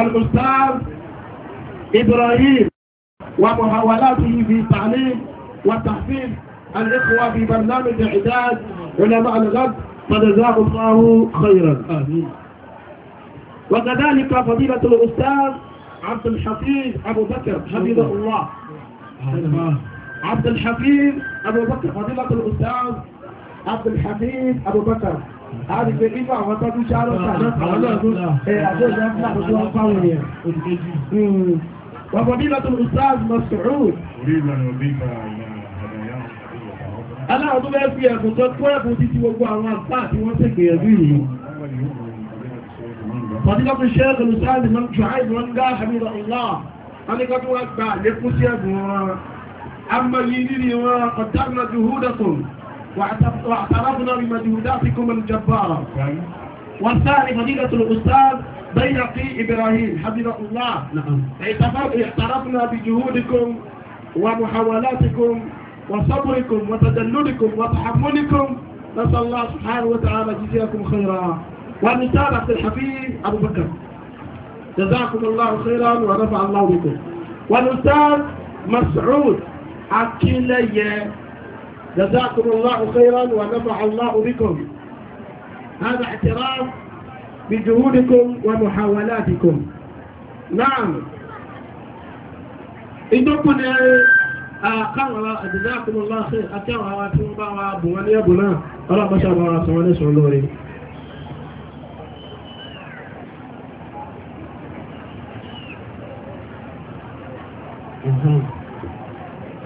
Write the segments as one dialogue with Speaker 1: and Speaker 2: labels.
Speaker 1: الأستاذ إبراهيم ومحاولاته في تعليم وتحفيز الإخوة في برنامج إعداد علماء الغد فجزاه الله خيرا آمين وكذلك فضيلة الأستاذ عبد الحفيظ أبو بكر حفظه الله عبد الحفيظ أبو بكر فضيلة الأستاذ عبد الحفيظ أبو بكر a rí pé nípa àwọn tọ́jú ṣáró ṣàlọ́ àwọn náà tó ẹ̀ àti ìjà ńlá tó wọ́n fáwọn èèyàn wàbọ̀dí lọ́tún ustaz Mas'ud aláwọ̀ tó bẹ́ẹ̀ fi ẹ̀kùn tó kó ẹ̀kùn títí gbogbo àwọn àpá àti wọ́n sì
Speaker 2: gbìyànjú yìí
Speaker 1: fọ̀dílọ́tún ṣẹ́ẹ̀kùn ustaz Shu'aib wọn gá àmìrà ìlà wọn ni kọ́tún wá gbà lékún sí ẹ̀kùn wọn a mọ̀ yìí nírí wọn ọ̀dá واعترفنا بمجهوداتكم الجبارة نعم. والثاني فضيلة الأستاذ بيقي إبراهيم حفظه الله نعم اعترفنا بجهودكم ومحاولاتكم وصبركم وتدللكم وتحملكم نسأل الله سبحانه وتعالى جزيكم خيرا عبد الحفيظ أبو بكر جزاكم الله خيرا ورفع الله بكم والأستاذ مسعود أكيلية جزاكم الله خيرا ونفع الله بكم هذا اعتراف بجهودكم ومحاولاتكم نعم ìdókùn ni àkàwàrà àdìdákùnlá sí àkẹwàrà tí wọ́n bá wa bù wọn ní ẹ̀bùn náà ọlọ́pàá
Speaker 2: àbára sọ wọn ní sọ lórí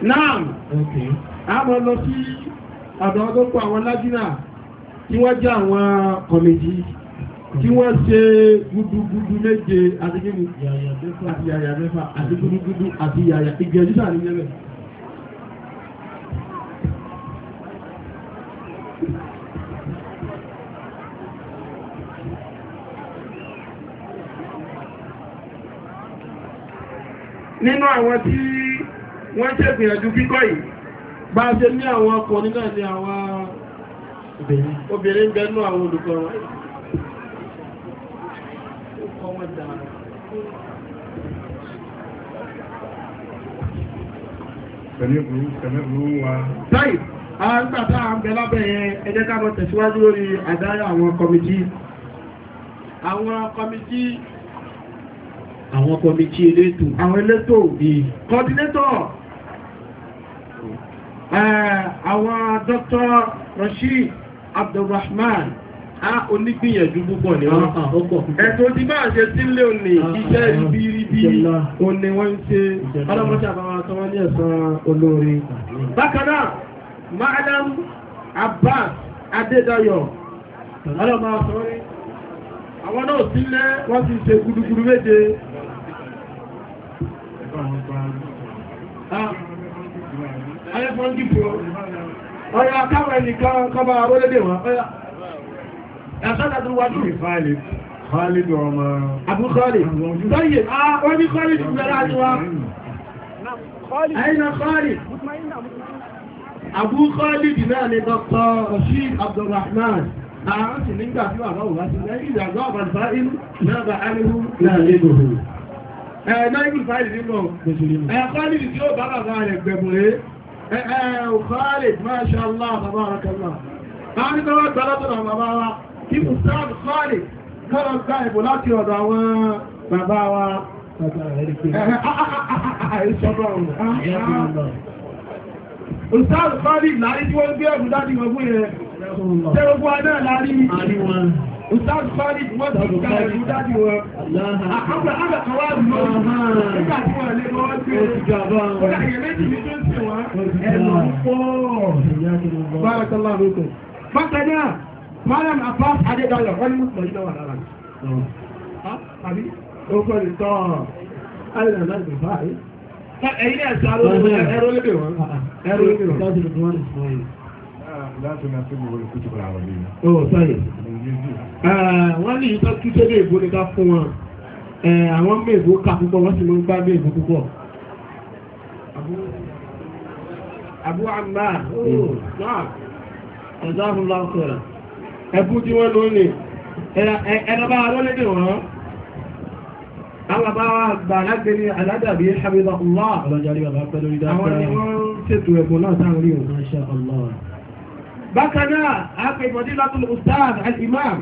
Speaker 1: náà àmọ́ lọ sí àdọ̀ ọgọ́pọ̀ àwọn lájínà tí wọ́n jẹ́ àwọn kọ̀mẹ̀jì tí wọ́n ṣe gúdúgúdú méje àti gíní àti yàyà mẹ́fà àti gúdúgúdú àti yàyà ìgbẹ̀jú sáà ní ẹ̀rẹ̀ nínú àwọn tí wọ́n tẹ́ gbìyànjú kíkọ́ yìí bá a ṣe ní àwọn ọkùnrin náà ni àwọn obìnrin bẹnu àwọn olùkọ́ wọn Táì, a ń gbàtà àwọn kọmití. Àwọn kọmití àwọn kọmití elétò. Àwọn àwọn Dr. Rashid Abdulrahman a onígbìyànjú púpọ̀ ní wọn ah, ẹ̀tọ́ tí bá ṣe sílé òní ah, iṣẹ́ ah, ribiribi òní wọ́n ń ṣe ọlọ́mọṣẹ́
Speaker 2: àbáwọn tó wọ́n ní ẹ̀sán
Speaker 1: olóore bákan náà Madam Abbas Adédayọ̀ ọlọ́mọ àwọn náà sílé wọ́n ti ṣe gudugudu méje wọ́n dìbò ọ̀yà káwọn ẹnìkan kọba arólẹ́dẹ̀ wọn ọ̀yà ẹ̀sọ́dà tó wájú rẹ̀ fáìlì Khalid ọmọ abúkọ́lì tọ́yẹ̀ ah, ó ní Khalid gbẹ́rẹ́ àjọwá
Speaker 2: ẹ̀yìnà Khalid abúkọ́lì
Speaker 1: dìnà ní Dr. Rashid Abdulrahman àwọn sì nígbà tí wà lọ́wọ́ wá sí eh, eh, ó bá bàbá rẹ̀ gbẹ̀mùrẹ́ Eh, eh, oh, Khalid, Masha Allah, Tabarakallah. Láàrín tó wọ́n tọ́lọ́tọ̀lọ́ bàbá wa, kí Mùsáàbù Khalid kọ́rọ̀ ká ìbò láti ọ̀dọ̀ àwọn bàbá wa. Mùsáàbù Khalid láàrín tí wọ́n gbé ẹ̀bùn dájú ọgbó yẹn. Tẹ́ Ustaz Farid wọ́n ti ká ẹ̀rù dájú wọn. Àkọ́kọ́ àgbà kan wá lọ nígbà tí wọ́n lé wọ́n gbé ó dà yẹ méjì ní tó ń sè wọ́n. Ẹ̀rù pọ̀. Báyọ̀ sọ́lá ló tó. Bákan náà, Malam Abbas Adédayọ̀ wọ́n ní mọ̀ iná wà lára. Àbí ó kọ́ ní tọ́ Alẹ́ náà lè bá yìí. Ẹ̀yin náà sọ ẹ̀rọ lédè wọn. Ẹ̀rọ lédè wọn.
Speaker 3: Láti nà sí gbogbo ìkútùkọ̀ àwọn
Speaker 1: ilé. Ó sọ̀yẹ̀. Eh, wọ́n ní ìtọ́ tún tẹ́lẹ̀ èbó ní ká fún wọn eh, àwọn mẹ́ẹ̀bó kà púpọ̀ wọ́n sì mọ́ ń gbá mẹ́ẹ̀bó púpọ̀ Abu Ammar náà ọ̀dọ́ àfúnlá ọ̀sọ̀rọ̀ ẹkú tí wọ́n lónìí ẹ̀rọ̀bá alọ́lẹ́dẹ̀ wọ́n alábáwá gbà láti ní aládàbí habibullah àwọn ni wọ́n ṣètò ẹ̀kùn náà sáà rí òun bákanáà àpè fadilatul ustaz al-imam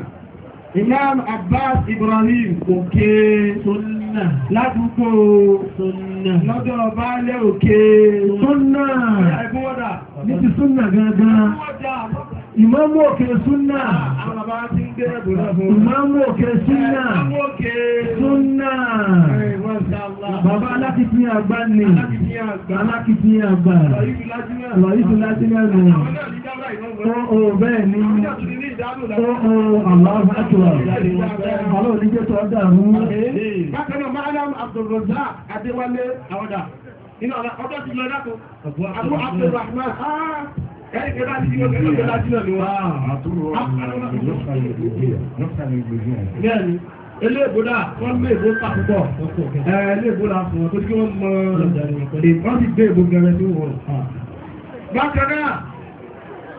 Speaker 1: imam abbas ibrahim òkè sunna ládùúgbò sunna lọ́dọ̀ baálé òkè sunna ẹ̀bùn wọ́dà ní ti sunna gangan Ìmáàmù òkè súnnà. Ìmáàmù òkè súnnà. Súnnà. Bàbá alákìtì àgbà ni. Alákìtì àgbà. Lọ́yìí lájúmọ̀ nù. Ó bẹ́ẹ̀ ni. Ó Allahu Akbar. Àlọ́ oníjẹ́ tó ọdá rú. Bákan náà, Máàlám Abdulrazza Adéwálé Àwọ̀dà. Inú ọ̀dọ́ ti lọ dákò. Àbú Abdulrahman. Ah. Ilé ìbúdá wọ́n mé ìbò pàpùpọ̀, ilé ìbúdá fún wọn tó kí wọ́n mọ̀ wọ́n ti gbé ìbò gẹ̀rẹ̀ tí wọ́n. Bákanáà,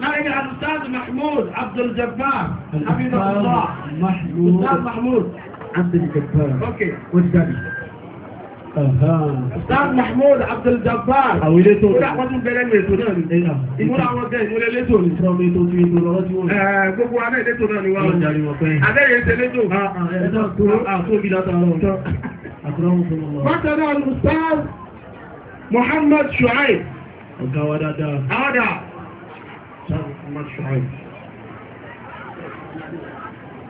Speaker 1: láàrin àtúsáàdì Mahmoud Abdul Jabbar, Abidullah, Mahmoud Abdul Jabbar, ó ti
Speaker 2: dábì. استاذ
Speaker 1: محمود عبد الجبار حاولته احمد بن بلمي تولي ايه مولا وجهي مولاي لتولي محمد شعيب قاعد هذا محمد شعيب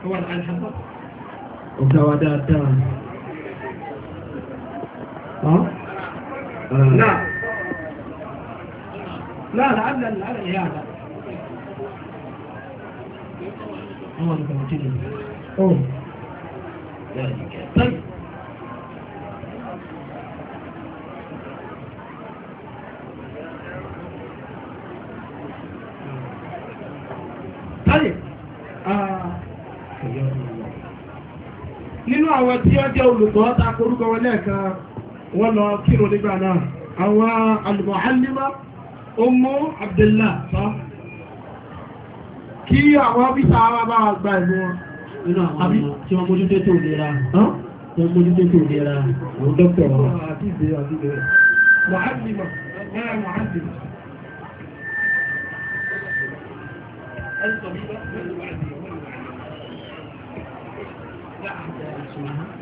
Speaker 2: هو نعم oh.
Speaker 1: ah. nínú àwọn tí ó jẹ́ olùkọ́ ta korúkọ wọn lẹ́ẹ̀kan wọ́n lọ kírò nígbà náà àwọn alìmọ̀hálímá ọmọ abdullá sọ kí àwọn ọ́fíìsà ara bá gba ìlú wọn nínú àwọn tí wọ́n mójú tó lera àwọn
Speaker 2: dókítà wọn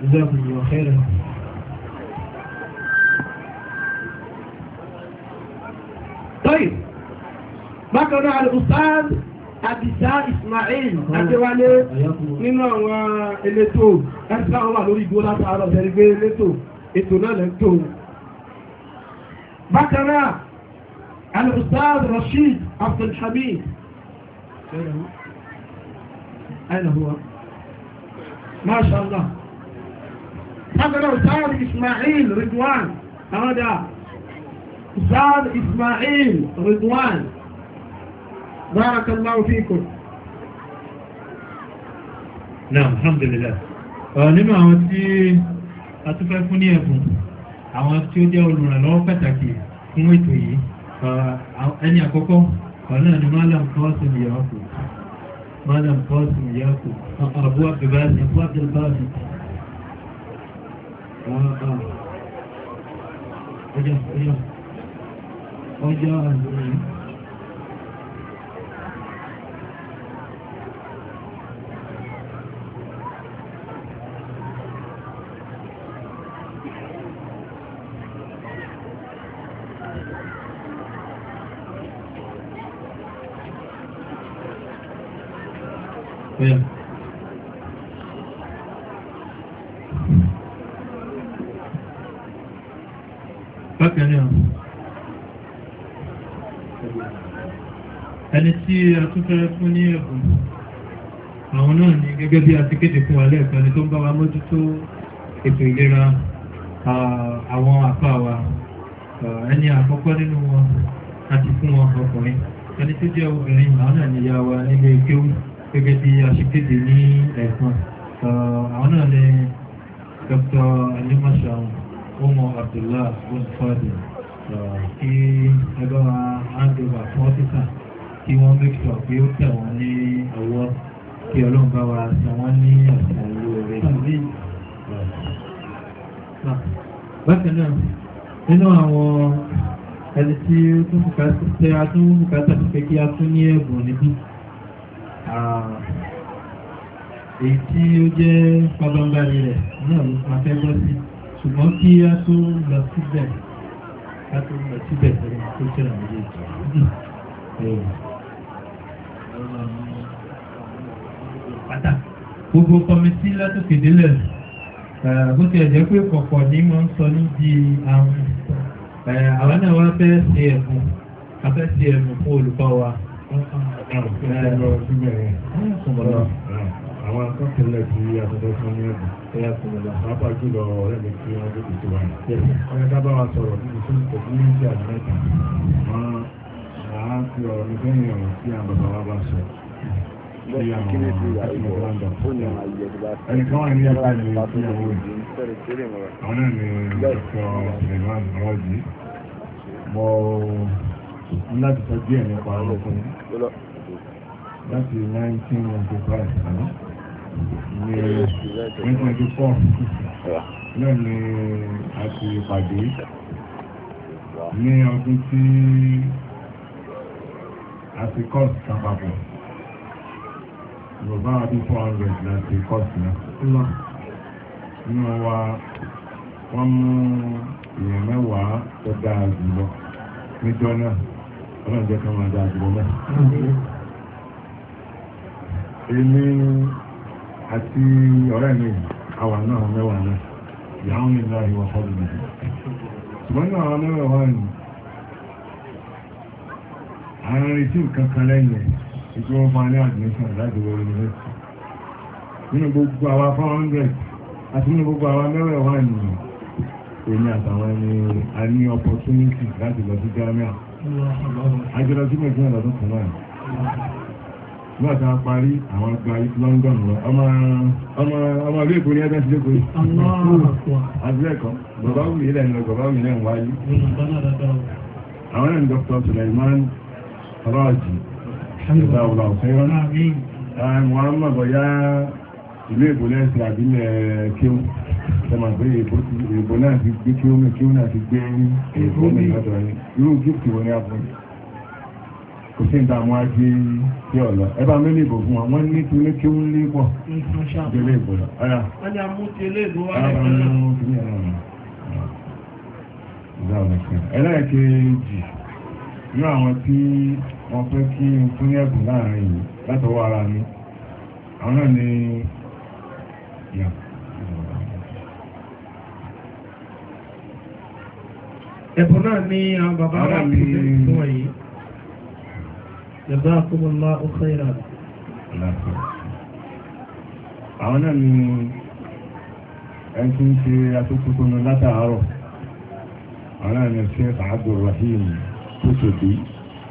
Speaker 2: جزاكم الله خيرا
Speaker 1: طيب ما كان على الأستاذ أبساء إسماعيل أتوالي من هو الليتو أرسى الله لوري قولة على ذلك الليتو إتنا لنتو ما كان على الأستاذ رشيد عبد الحميد أين هو ما شاء الله ما كان على الأستاذ إسماعيل رضوان هذا زاد إسماعيل رضوان بارك الله فيكم
Speaker 2: نعم الحمد لله nínú àwọn tí a tún fẹ́ fún ní ẹ̀bùn àwọn tí ó jẹ́ olùrànlọ́wọ́ pàtàkì fún ètò yìí ẹni àkọ́kọ́ ọ̀nà ni malam kọ́ọ̀sùn yàákù malam kọ́ọ̀sùn yàákù abu abdulbasi abu abdulbasi ọjọ́ ọjọ́ ọjọ́ àgbẹ̀ Yeah. ẹni tí a tún fẹ́ fún ní ẹ̀bùn àwọn náà ni gẹ́gẹ́ bí a ti kéde fún wa lẹ́ẹ̀kan ni tó ń bá wa mójútó ètò ìlera àwọn àpá wa ẹni àkọ́kọ́ nínú wọn àti fún wọn ọkùnrin ẹni tó jẹ́ obìnrin àwọn náà ni ìyá wa nílé kéwú gẹ́gẹ́ bí a ṣe kéde ní ẹ̀kan àwọn náà ni Dr. Alimasha Omo Abdullah Bonfadi kí ẹgbẹ́ wa á ń dọ̀bà fún kí wọ́n make sure pé ó tẹ̀ wọ́n ní ọwọ́ kí ọlọ́run bá wa sọ wọ́n ní ọ̀sán olóore. bákan náà nínú àwọn ẹni tí ó tún bùkátà a tún bùkátà sí pé kí a tún ní ẹ̀bùn níbí èyí tí ó jẹ́ pabambarì rẹ̀ náà ló máa fẹ́ bọ́ sí ṣùgbọ́n kí a tó lọ síbẹ̀ a tó lọ síbẹ̀ ẹ̀rọ tó ṣẹlẹ̀ méjèèjì pátá gbogbo kọmití látòkè délẹ̀ bó ti ẹ̀jẹ̀ pé kọ̀kọ̀ ní mọ́ ń sọ ní di àwọn àwọn náà wá fẹ́ ṣe ẹ̀bùn afẹ́ ṣe ẹ̀bùn fún olùkọ́ wa.
Speaker 3: àwọn akọ́kẹ́lẹ̀ tí àtọ́jọ́ fún ní ẹ̀bùn pàápàá jùlọ ọ̀rẹ́ mi kí wọ́n lókè tó wà ní. ọ̀rẹ́ wa sọ̀rọ̀ nínú fún ìtọ́jú ní ìjà mẹ́ta máa ń fi ọ̀rọ̀ mi sẹ́yìn ọ̀rọ̀ tí àwọn bàbá wa bá sọ sí àwọn àtìmọ̀láńdà ẹnìkan wà ní a ìlú ìyàwó rẹ̀ àwọn náà ni dr suleiman rọ́jì mo ní láti sọ díẹ̀ nípa ọ̀rọ̀ fún láti 1995 ní 1994 náà ni a ti pàdé ní ọdún tí àti kọ́ọ̀sì kápapọ̀ yorùbá àbí four hundred láti kọ́ọ̀sì náà nínú wa wọ́n mú èèyàn mẹ́wàá tó dáa jùlọ níjọ́ náà ọlọ́run jẹ́ ká máa dáa jùlọ náà. èmi àti ọ̀rẹ́ mi àwa náà mẹ́wàá náà ìyàwó mi náà ìwà fọ́ọ̀lù mi. ṣùgbọ́n náà àwọn mẹ́wàá wà nìyí àwọn retí nǹkan kan lẹ́yìn ẹ̀ ìgbé wọn fún alẹ́ admission láti wọ yunifásitì nínú gbogbo àwa four hundred àti nínú gbogbo àwa mẹ́wẹ̀ẹ́ wà nìyí èmi àtàwọn ẹni a ní opportunity láti lọ sí Ghana àjọlọ sí mẹ́jọ́ lọ́dún kan náà nígbà tá a parí àwọn àgbà London lọ ọmọ ilé ìkóni ẹgbẹ́ ti lékòó àbúrẹ́kọ́ bàbá wùlé lẹ́nu bàbá wùlé lẹ́nu wáyé àwọn ẹni Dr. Suleiman ráàjì ìgbà ọ̀la ọ̀sẹ̀rọ̀ Muhammad bọ̀yá ìlú èbò lẹ́sìn àbílẹ̀ kéwù sọmọ pé èbò náà ti gbé kéwù mi kéwù náà ti gbé èbò mi lọ́dọ̀ yìí irú gíftì wo ni a fún kò sí nǹkan àwọn ajé tí ọ̀lọ́ ẹ bá mẹ́lẹ̀ ìbò fún wọn wọ́n ní tí ó lé kéwù ń lé pọ̀ délé ìbò lọ.
Speaker 1: wọ́n ní amúti eléèbó wá lẹ́kọ̀ọ́
Speaker 3: náà. ẹlẹ́ẹ̀kejì ní àwọn tí wọ́n fẹ́ kí n fún ní ẹ̀bùn láàrin yìí látọwọ́ ara mi àwọn náà ni yà
Speaker 2: ẹ̀bùn náà ní àwọn bàbá ara mi fún ẹ̀yí jazakumullahu khairan àwọn náà ni ẹ̀kùn ṣe
Speaker 3: atókùnkùn látàárọ̀ àwọn náà ni ṣe àádọ́ rahim kútùbí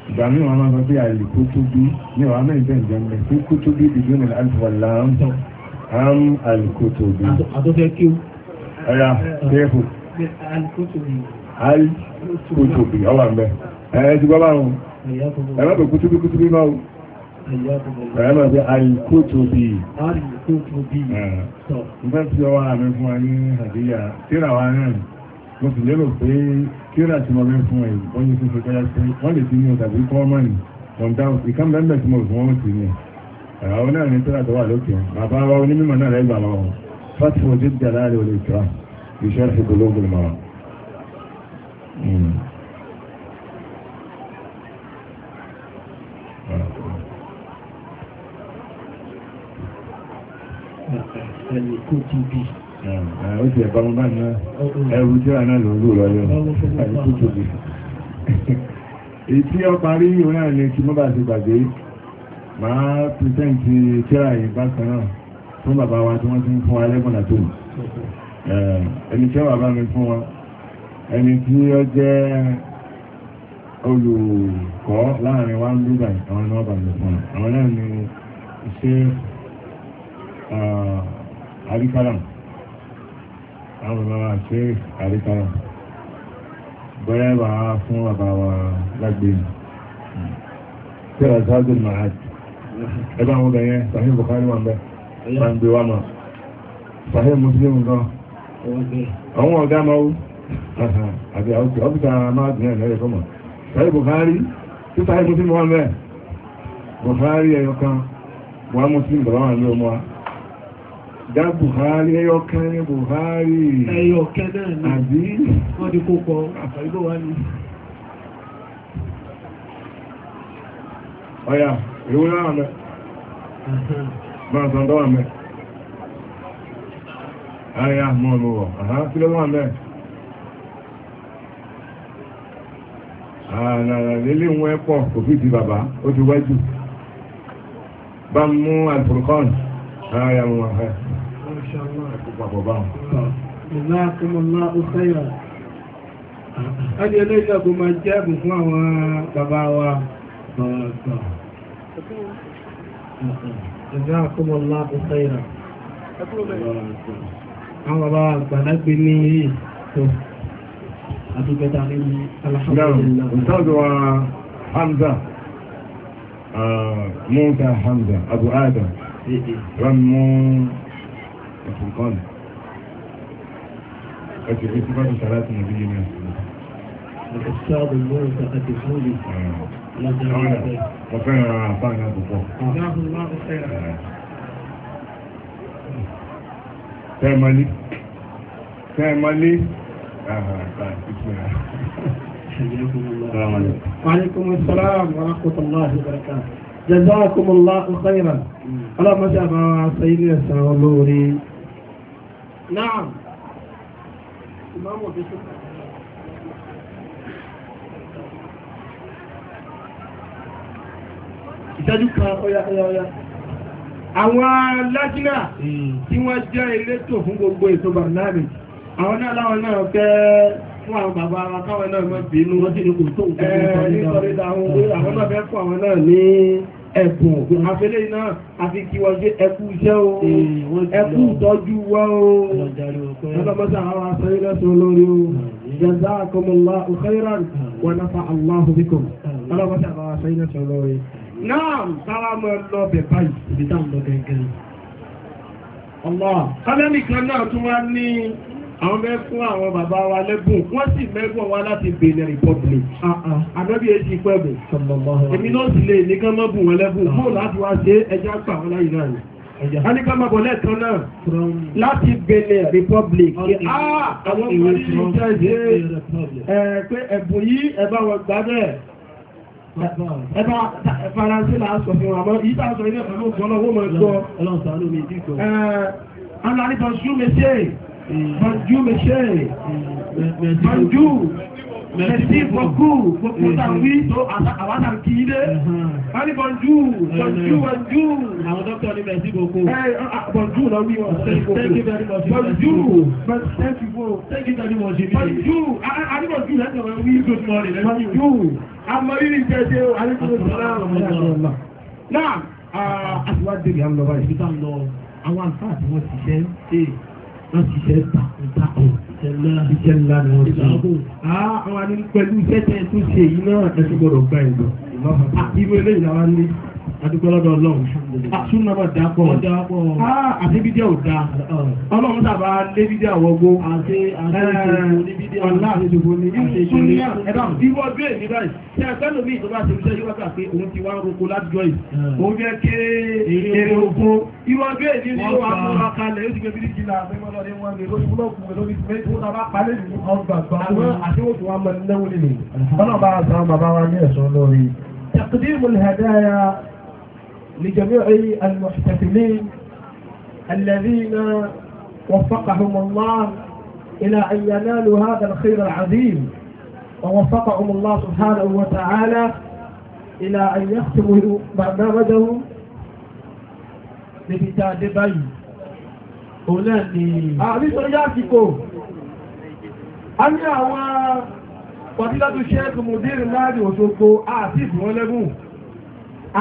Speaker 3: ìgbà mi wọn máa sọ pé àlè kútùbí ní ọ̀hán náà ìjọ ìjọ mẹ́ sí kútùbí ìdíjú ní àlùfọ̀ láàmù àm àlè kútùbí. àtọ́fẹ́ kí o. ọ̀yà kéèfù.
Speaker 2: àlè kútùbí. àlè kútùbí ọwà mẹ́ ẹ̀
Speaker 3: ti gbọ́ báwọn ẹ̀ má bẹ̀ kútùbí kútùbí máa wò. Ẹ̀rọ bí alìkótóbi. Alìkótóbi. Ìgbẹ́ tí ọwọ́ àmì fún wa ní àdíyà, mo sì lérò pé kíra tí mo rí fún ẹ̀ wọ́n yí sísè kọ́yá pé wọ́n lè ti ní ọ̀tà bí kọ́ mọ́ ni ọ̀dá ìkan bẹ́ẹ̀ tí mo fún wọn sí ni àwọn náà ní tíra tó wà lókè bàbá wa onímọ̀ náà lẹ́gbàá wọn fásitì dídà láàrin olè kíra ìṣẹ́ fi gbólógùn mọ́ ẹni kó ti bíi ó ti ẹ̀kọ́ ọmọ náà ẹrù tí wà náà ló ń lò lọ́yọ́ àìkú tóbi èyí tí ó parí òun náà ni kí mo bá ti gbàgbé máa pírísẹ́ǹtì tíra yìí bákan náà fún bàbá wa tí wọ́n ti ń fún wa lẹ́gbọ̀n àtò ẹni tí ó wà bá mi fún wa ẹni tí ó jẹ́ olùkọ́ láàrin wa ń lúgbà àwọn náà bá fún wa àwọn náà ni ṣé àríkàlàmù ah, àwọn bàbá wa ṣe àríkàrà bọ́yá bà á fún bàbá wa lágbè tẹ́lá sáájú màá ẹ bá wọn bẹ̀ Bukhari wà mẹ́ máa ń gbé wa mọ̀ Sahih Muslim gan àwọn ọ̀gá máa wú àti ọ́fíta máa dùn ẹ̀ lẹ́yẹ̀ fọ́mọ̀ Sahih Bukhari tí Sahih Muslim wà mẹ́ Bukhari ẹ̀yọ kan wà Muslim bàbá wà ní ọmọ wa dá Buhari ẹyọkẹ́ ní Buhari ẹyọkẹ́ náà ní àbí wọ́n di kó pọ̀ àfàrígbò wá ní ọ̀yà ìwé náà mẹ́ máa sọ́ndọ́ wà mẹ́ ayá mọ́ lọ́wọ́ àhá kí ló wà mẹ́ ààrẹ lélé wọn ẹ̀pọ̀ kò fi di bàbá ó ti wájú bá mú alfurkan ayá mọ́ àhá
Speaker 1: Adé ẹlẹ́gbẹ́ kò máa jẹ́ ẹ̀bùn fún àwọn
Speaker 2: bàbá wa ọ̀ọ̀tọ̀. Ìjọ́ àkọ́mọ̀ láàbù sẹ́yìnà. Àwọn bàbá àgbàlágbé ní ètò àdúgbẹ́ta ní alhamdulillah. Ìtọ́jọ́ wa
Speaker 3: uh, Hamza, uh, Mọ́ta Hamza, الفرقان أجل إيه؟ في صفات صلاة النبي من الإفساد النور فقد يقول آه. وكان أعطانا بالضبط جزاه الله خيرا آه. تعملي آه،
Speaker 1: تعملي وعليكم السلام ورحمة الله وبركاته جزاكم الله خيرا
Speaker 2: شاء الله سيدنا السلام نعم إمام بشر
Speaker 1: ìṣẹ́jú kan ọya ọya ọya àwọn lájínà tí wọ́n jẹ́ elétò fún gbogbo ètò barnami àwọn náà naa náà fẹ́ fún àwọn bàbá naa káwọn náà mọ́ bínú wọ́n sì ní kò tó nǹkan nítorí àwọn náà fẹ́ ẹ̀bùn afẹ́lẹ́ iná àti kíwọ́jẹ́ ẹkú iṣẹ́ o ẹkú ìtọ́jú wá o lọ́dọ̀mọ́sá àwọn asẹ́rí lẹ́sùn olórí o jazakumullahu khairan wa nafa'allahu bikum lọ́dọ̀mọ́sá àwọn asẹ́rí lẹ́sùn olórí náà sára mọ́ lọ bẹ̀ báyìí àwọn bẹ́ fún àwọn bàbá wa lẹ́bùn wọ́n sì mẹ́gbọ̀n wa láti Benin Republic ah, ah. ànábì èsì pẹ̀bù èmi náà sì lè ní kán mọ́bùn wọn lẹ́bùn mọ́ ah. láti wá ṣe ẹjá gbà wọn láyé náà a ní ká máa bọ̀ lẹ́ẹ̀kan náà láti Benin Republic àwọn ọmọ yìí jẹ́ ṣe pé ẹ̀bùn yìí ẹ bá wọn gbà bẹ́ẹ̀ ẹba faransé la sọ fún wa mọ́ yìí tá a sọ ilé ìfẹ́ ló gbọ́ lọ́wọ́ mọ́ ẹgbọ́ ọlọ́run sàánú mi dìgbọ́ ẹ̀ bọ̀jú mẹ́ṣẹ́ bọ̀jú mẹ́sí bọ̀kú gbogbo tàbí tó àwádà kí ilé wọ́n ní bọ̀jú bọ̀jú bọ̀jú àwọn dọ́kítọ̀ ní mẹ́sí bọ̀kú bọ̀jú lọ rí ọ̀ thank you very much bọ̀jú thank you thank you very much bọ̀jú àríbọ̀jú lẹ́tọ̀ wí good morning bọ̀jú àmọ́ rírì jẹ́jẹ́ àríkùnrin sọ́lá ọ̀rọ̀ náà àtiwájú ah, ìyá ń
Speaker 2: lọ báyìí àwọn àǹfààní wọn ti ṣe é wọ́n ti ṣe takùntakùn iṣẹ́ ńlá ni wọ́n ṣe. àwọn àni pẹ̀lú iṣẹ́ tẹ tó ṣe yìí náà ẹ
Speaker 1: gbọ́dọ̀ gba ìgbọ̀. àti irú eléyìí làwọn ní adúgbò lọ́dọ̀ ọlọ́run súnà náà dápọ̀ àbíbídíà ò dá ọlọ́run sábà lébídíà wọgbó ọ̀la àṣejògbò ní súnà ẹ̀dá ìwọ bí èmi báyìí tí ẹgbẹ́ lómi ìjọba ti ṣe yóò wákà pé òun ti wá ń roko látijọ́ yìí òun jẹ́ kí èrè oko ìwọ bí èmi ní ìwọ amúra kalẹ̀ ó ti gbé bíríkì là àfẹ́mọ́lọ́dé wọn lè lórí búlọ́ọ̀kù lórí mẹ́tò tá a bá palẹ̀ nínú ọgbàgbà àwọn àṣewòsàn wa mọ̀ nílẹ̀ wọlé nìyí. ọlọ́ọ̀bá àṣà bàbá wa ní ẹ̀sùn lórí. tẹ̀kídìmù لجميع المحتفلين الذين وفقهم الله إلى أن ينالوا هذا الخير العظيم ووفقهم الله سبحانه وتعالى إلى أن يختموا برنامجهم níbi tá a dé báyìí òun náà ni àrísọ yásìkò a ní àwọn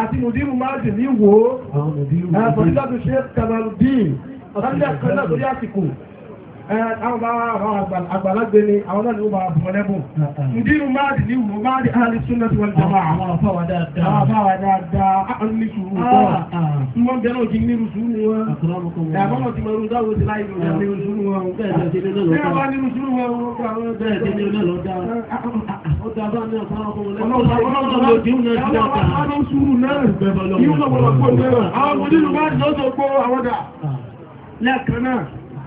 Speaker 1: àti mùdírù máàdì ní wo ẹ̀fọ̀dílọ́dún ṣe kàmàlùdín ọ̀sán àwọn bá àwọn àgbàlagbé ni àwọn náà ni ó máa bọ̀ lẹ́bùn. Ìdínú máa dì ní ìwò máa dì áàlì súnlẹ̀ ah, ah. tí wọ́n jẹ́ máa. Àwọn àfáwà dáadáa. Àwọn àfáwà dáadáa. Àwọn ní sùúrù tọ́. Wọ́n bẹ̀rẹ̀ òjì nínú sùúrù wọn. Àkọ́lọ́mọ̀ ti mọ̀ rúdá wo ti láì lò nínú sùúrù wọn. Bẹ́ẹ̀ bá nínú sùúrù wọn. Bẹ́ẹ̀ ti ní ọlọ́lọ́ dáa. Ó dáa bá ní ọ̀pá ọkùnrin lẹ́kọ̀ọ́. Ọlọ́run